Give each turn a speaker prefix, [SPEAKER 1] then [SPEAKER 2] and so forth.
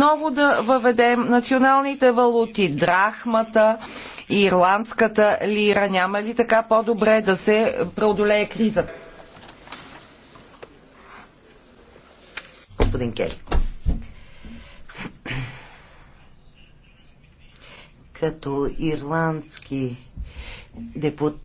[SPEAKER 1] отново да въведем националните валути, драхмата, ирландската лира. Няма ли така по-добре да се преодолее криза?
[SPEAKER 2] Господин Кели.
[SPEAKER 3] Като ирландски депутат